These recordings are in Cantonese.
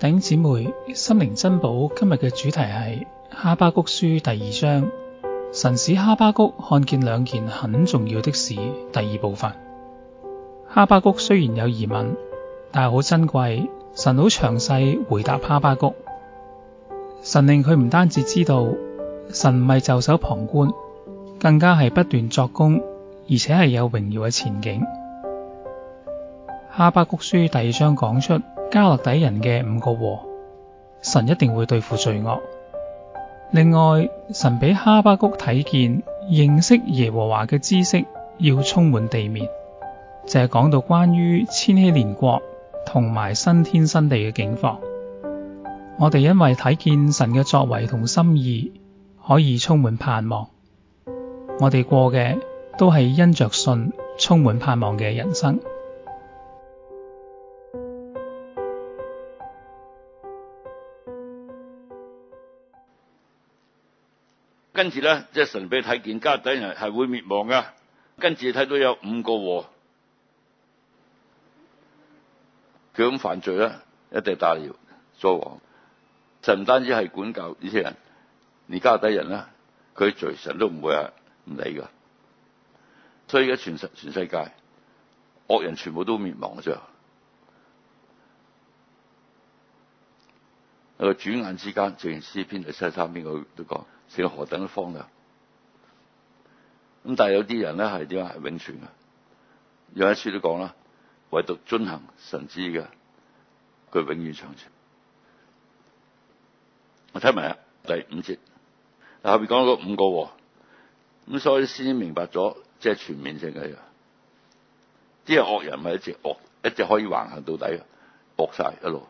頂姊妹心靈珍寶，今日嘅主題係《哈巴谷書》第二章，神使哈巴谷看見兩件很重要的事，第二部分。哈巴谷雖然有疑問，但係好珍貴，神好詳細回答哈巴谷。神令佢唔單止知道，神唔係袖手旁觀，更加係不斷作工，而且係有榮耀嘅前景。《哈巴谷書》第二章講出。迦勒底人嘅五個禍，神一定會對付罪惡。另外，神俾哈巴谷睇見，認識耶和華嘅知識要充滿地面，就係、是、講到關於千禧年國同埋新天新地嘅境況。我哋因為睇見神嘅作為同心意，可以充滿盼望。我哋過嘅都係因着信充滿盼望嘅人生。跟住咧，即係神俾睇見迦勒底人係會滅亡噶。跟住睇到有五個禍佢咁犯罪啦，一地大了作王。神就唔單止係管教呢啲人，連迦勒底人啦，佢罪神都唔會話，唔理噶。所以而家全世全世界惡人全部都滅亡嘅啫。啊，轉眼之間正完詩篇第三篇，佢都講。成何等嘅方向？咁但係有啲人咧係點樣？係永存嘅，有一次都講啦，唯獨遵行神旨嘅，佢永遠長存。我睇埋啊，第五節，後邊講咗五個喎。咁所以先明白咗，即係全面性嘅。啲人惡人唔係一直惡，一直可以橫行到底嘅搏晒，一路，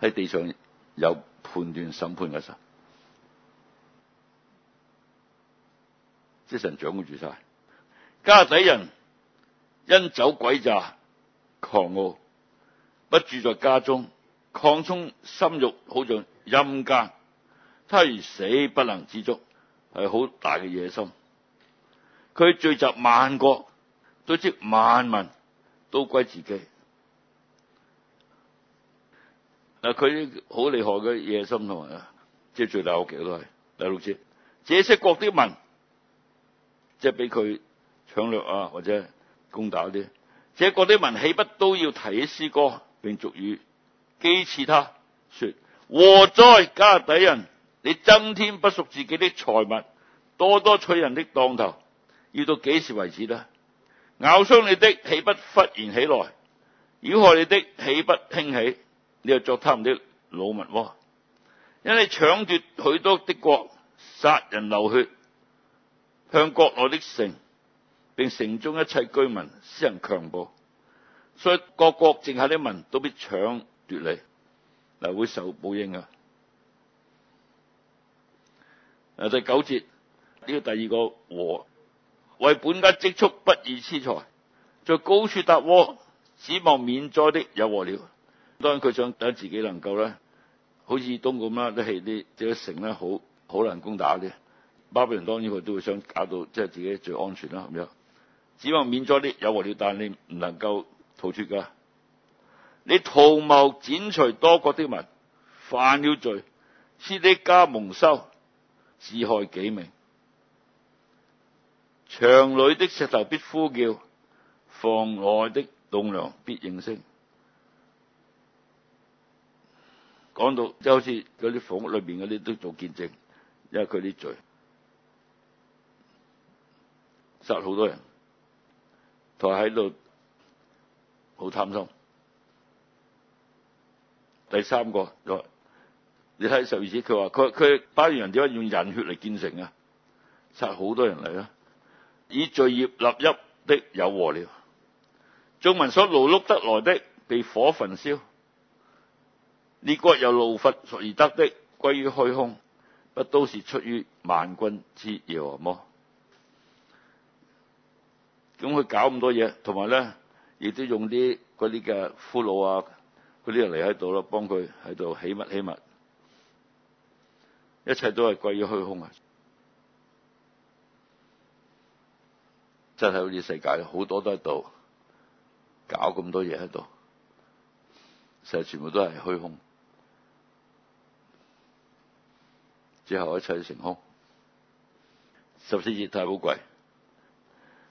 喺地上有判斷審判嘅時候。即神掌控住曬家底人，因酒詭詐狂傲，不住在家中，擴充心欲，好像陰間，他如死不能知足，係好大嘅野心。佢聚集萬國，堆積萬民，都歸自己。嗱，佢好厲害嘅野心同埋，即最大惡極都係第六節，這些國的民。即係俾佢搶掠啊，或者攻打啲，係嗰啲民豈不都要提起詩歌並俗語，譏刺他，說：禍哉，迦勒底人！你增添不屬自己的財物，多多取人的當頭，要到幾時為止呢？咬傷你的豈不忽然起來？擾害你的豈不興起？你又作他們的老民喎！因為搶奪許多的國，殺人流血。向國內的城，并城中一切居民施行強暴，所以各國剩下的民都必搶奪嚟，嗱會受報應噶。嗱第九節呢、這個第二個禍為本家積蓄不義之財，在高處搭窩，指望免災的有禍了。當然佢想等自己能夠咧，好似東咁啦，都係啲即係城咧，好好難攻打啲。巴比倫當然佢都會想搞到即係自己最安全啦咁樣，指望免災的有禍了，但你唔能夠逃出噶。你圖謀剪除多國的民，犯了罪，使你的家蒙羞，自害己命。牆裏的石頭必呼叫，房內的棟梁必應聲。講到即係好似嗰啲房屋裏邊嗰啲都做見證，因為佢啲罪。殺好多人，佢喺度好貪心。第三個，你睇十二節，佢話佢佢巴比倫人點解用人血嚟建城啊？殺好多人嚟啦，以罪孽立邑的有禍了。眾民所勞碌得來的被火焚燒，列國由勞乏而得的歸於虛空，不都是出於萬軍之耶和華麼？咁佢搞咁多嘢，同埋咧，亦都用啲嗰啲嘅俘虜啊，嗰啲人嚟喺度咯，幫佢喺度起物起物，一切都係歸於虛空啊！真係好似世界，好多都喺度搞咁多嘢喺度，成日全部都係虛空，之後一切成空。十四字太寶貴。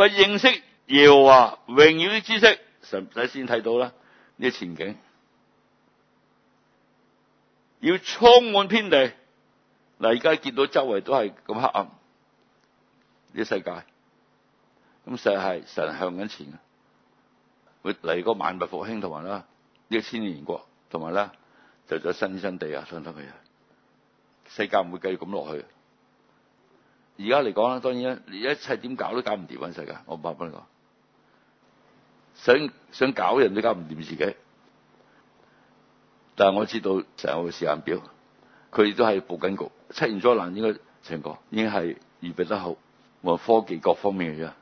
佢認識耶和華榮耀啲知識，神使先睇到啦，呢、這個前景要充滿遍地。嗱，而家見到周圍都係咁黑暗，呢、這個世界咁世係神係向緊前嘅，會嚟個萬物復興同埋啦，呢、這個千年國同埋啦，就咗新天地啊等等嘅嘢，世界唔會繼續咁落去。而家嚟講啦，當然啦，連一切點搞都搞唔掂，揾世界。我唔話俾你講，想想搞人都搞唔掂自己。但係我知道成個時間表，佢都係佈緊局。出現咗難應該情況，已經係預備得好，無論科技各方面嘅啫。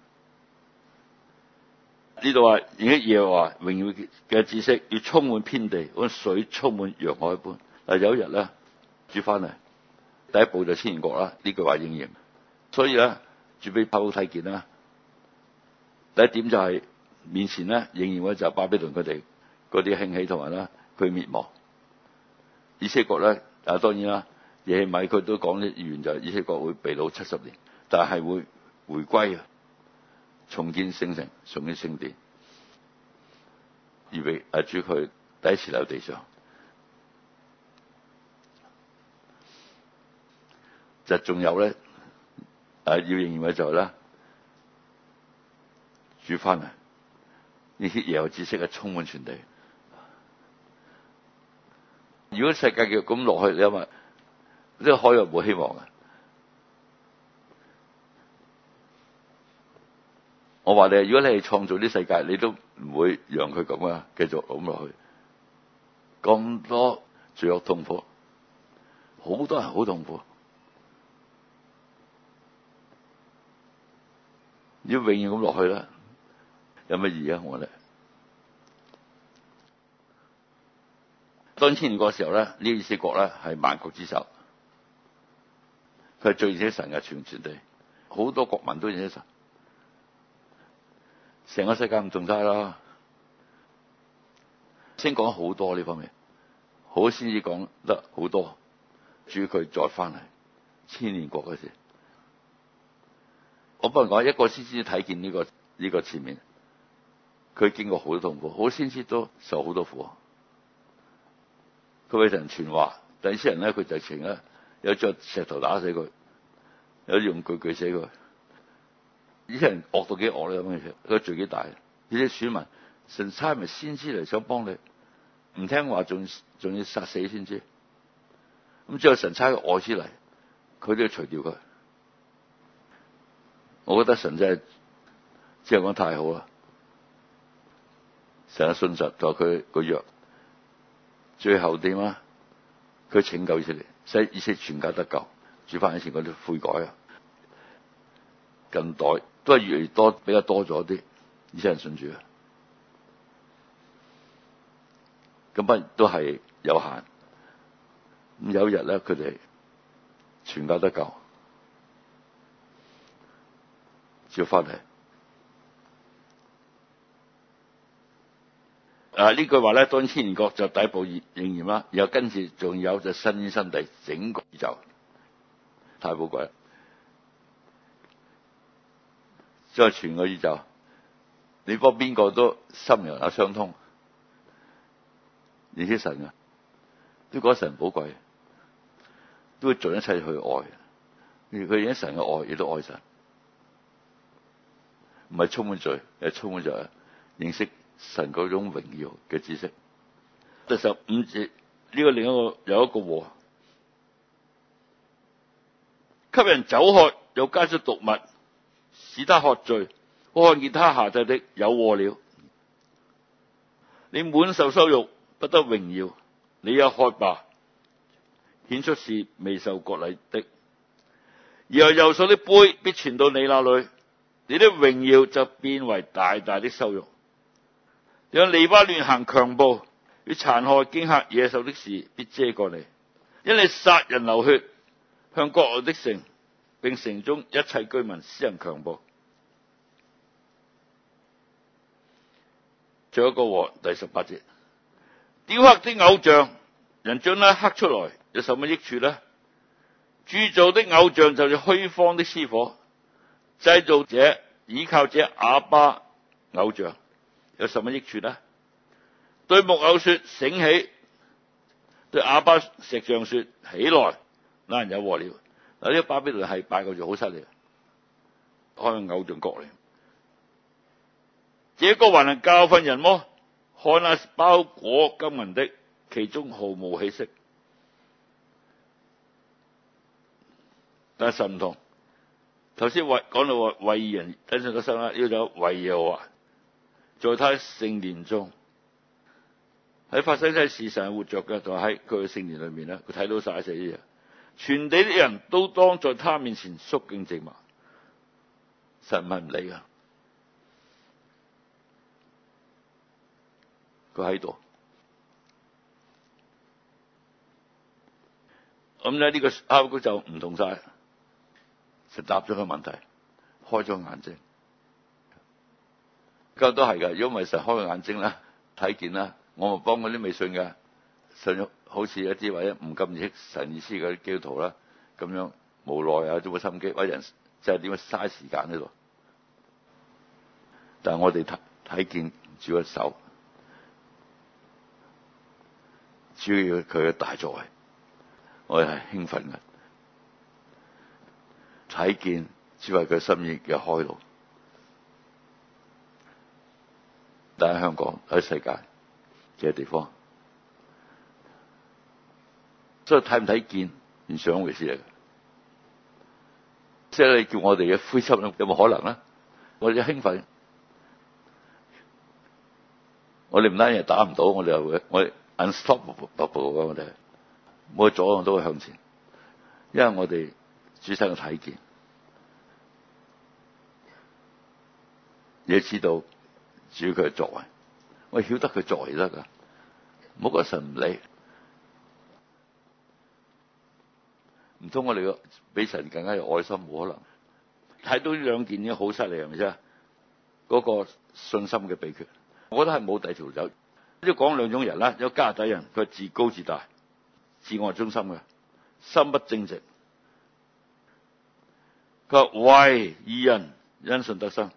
呢度話，耶和華話，榮耀嘅知識要充滿遍地，好似水充滿洋海一般。嗱，有一日咧，主翻嚟，第一步就千年國啦。呢句話應驗。所以咧，主俾哈巴谷睇見啦。第一點就係、是、面前咧，仍然咧就巴比倫佢哋嗰啲興起同埋啦，佢滅亡。以色列國咧，啊，當然啦，耶利米佢都講啲言就係以色列國會被擄七十年，但係會回歸啊，重建聖城，重建聖殿，預備啊主佢第一次留地上。就仲有咧。啊！要仍然嘅就係啦，煮翻啊！呢啲耶和華知識係充滿全地。如果世界繼續咁落去，你諗下，呢個海有冇希望啊？我話你，如果你係創造啲世界，你都唔會讓佢咁啊，繼續咁落去。咁多罪惡痛苦，好多人好痛苦。如果永遠咁落去啦，有乜意義啊？我哋當千年國嘅時候咧，呢意思國咧係萬國之首，佢係最認識神嘅全全地，好多國民都認識神，成個世界唔仲差啦。先講好多呢方面，好先至講得好多，主佢再翻嚟千年國嗰時。我不能講一,一個先知睇見呢、這個呢、這個前面，佢經過好多痛苦，好先知都受好多苦。佢畀人傳話，第二些人咧佢就情咧，有著石頭打死佢，有用鋸鋸死佢。以惡惡呢些人惡到幾惡咧咁嘅，佢罪幾大？呢啲選民，神差咪先知嚟想幫你，唔聽話仲仲要殺死先知。咁之後神差嘅惡先嚟，佢都要除掉佢。我覺得神真係，只係講太好啦！成日信實咗佢個約，最後點啊？佢拯救以色列，使以色列全家得救，主翻以前嗰啲悔改啊！近代都係越嚟越多，比較多咗啲以色列人信主，咁不都係有限？咁有一日咧，佢哋全家得救。照翻嚟，誒、啊、呢句話咧，當千年國就第一步認認完啦，然後跟住仲有就新生地，整個宇宙太寶貴了，再全個宇宙，你幫邊個都心有、啊、相通，你啲神啊，都覺得神寶貴，都會盡一切去愛，而佢因神嘅愛，亦都愛神。唔係充滿罪，係充滿咗認識神嗰種榮耀嘅知識。第十五節呢、這個另一個有一個禍，給人酒喝又加上毒物，使他喝醉。我看見他下體的有禍了。你滿受羞辱，不得榮耀，你也喝吧，顯出是未受割禮的。然後右手的杯必傳到你那裏。你的榮耀就變為大大的羞辱，讓利巴嫩行強暴與殘害驚嚇野獸的事必遮過你，因你殺人流血，向國內的城並城中一切居民施行強暴。仲有一個和第十八節，雕刻的偶像，人將他刻出來有什麼益處呢？鑄造的偶像就是虛謊的師傅。製造者倚靠這啞巴偶像，有什麼益處呢？對木偶說醒起，對啞巴石像說起來，那人有禍了。嗱，呢個巴比倫係拜過就好犀利，看偶像國嚟，這個還能教訓人麼？看哪，包裹金銀的，其中毫無氣息，但是神唔同。頭先為講到話為人等上個身啦，要走為話，在他在聖殿中，喺發生啲事上活着嘅，同喺佢嘅聖殿裏面咧，佢睇到晒死啲嘢，全地啲人都當在他面前肅敬靜默，神唔係唔理噶，佢喺度，咁咧呢個考就唔同晒。實答咗個問題，開咗個眼睛，咁都係噶，如果唔係實開個眼睛啦，睇見啦，我咪幫嗰啲未信嘅，信好似一啲或者唔咁熱神意思嘅基督徒啦，咁樣無奈啊，冇乜心機，喂人就係點樣嘥時間喺度，但係我哋睇睇見主一手，主要佢嘅大作為，我哋係興奮嘅。睇見只係佢心意嘅開路，但喺香港喺世界嘅地方，所以睇唔睇見唔想嘅事嚟嘅，即係你叫我哋嘅灰心，有冇可能咧？我哋興奮，我哋唔單止打唔到，我哋又會我哋 unstop 步步步步咁，我哋唔好去都要向前，因為我哋主身嘅睇見。你知道，主要佢嘅作為，我曉得佢作為得㗎，唔好覺得神唔理，唔通我哋嘅比神更加有愛心？冇可能睇到呢兩件嘢好犀利，係咪先？嗰個信心嘅秘訣，我覺得係冇第二條路走。只要講兩種人啦，有迦勒底人，佢自高自大，自我中心嘅，心不正直，佢惟義人因信得生。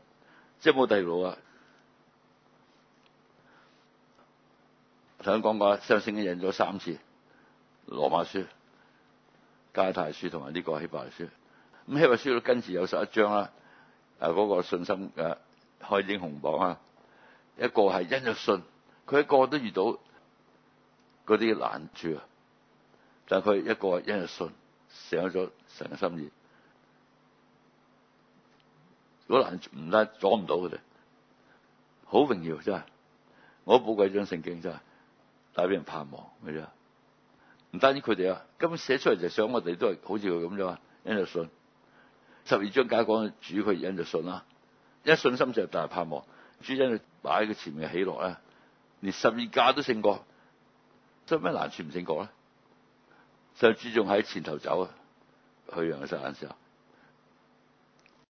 即冇第二路啊！頭先講過，聖經引咗三次羅馬書、加泰書同埋呢個希伯來書。咁希伯來書到今次有十一章啦。嗰、嗰個信心開英雄榜啊！一個係因着信，佢一個都遇到嗰啲難處啊，但係佢一個因着信，成咗神嘅心意。如果難唔得，阻唔到佢哋，好榮耀真係。我寶貴張聖經真係帶俾人盼望，唔單止佢哋啊，根本寫出嚟就想我哋都係好似佢咁啫嘛。因就信十二章假講主佢因就信啦，一信心就入就係盼望。主因就擺喺佢前面嘅喜樂咧，連十字架都勝過，做咩難處唔勝過咧？就主仲喺前頭走啊，去羊嘅時候。